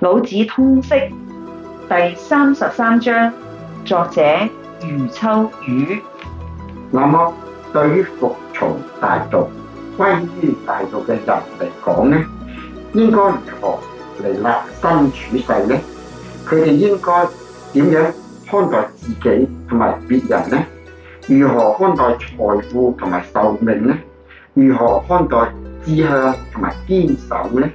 老子通釋第三十三章，作者余秋雨。那麼，對於服從大道、歸於大道嘅人嚟講咧，應該如何嚟立，立身處世咧？佢哋應該點樣看待自己同埋別人咧？如何看待財富同埋壽命咧？如何看待志向同埋堅守咧？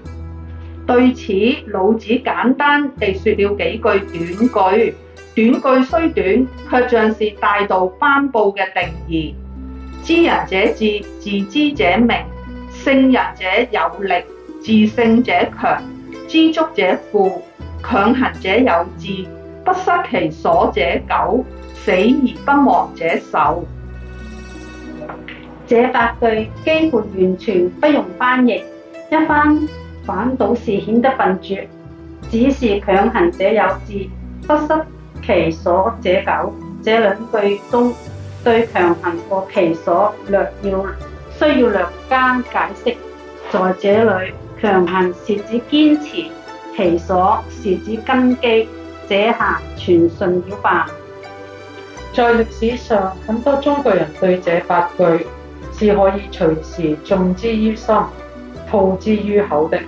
對此，老子簡單地說了幾句短句。短句雖短，卻像是大道頒佈嘅定義。知人者智，自知者明；勝人者有力，自勝者強；知足者富，強行者有志；不失其所者久，死而不亡者壽。這八句幾乎完全不用翻譯，一番。反倒是顯得笨拙，只是強行者有志，不失其所者久。這兩句中對強行和其所略要需要略加解釋。在這裏，強行是指堅持，其所是指根基。這下全順了吧？在歷史上，很多中國人對這八句是可以隨時誦之於心，吐之於口的。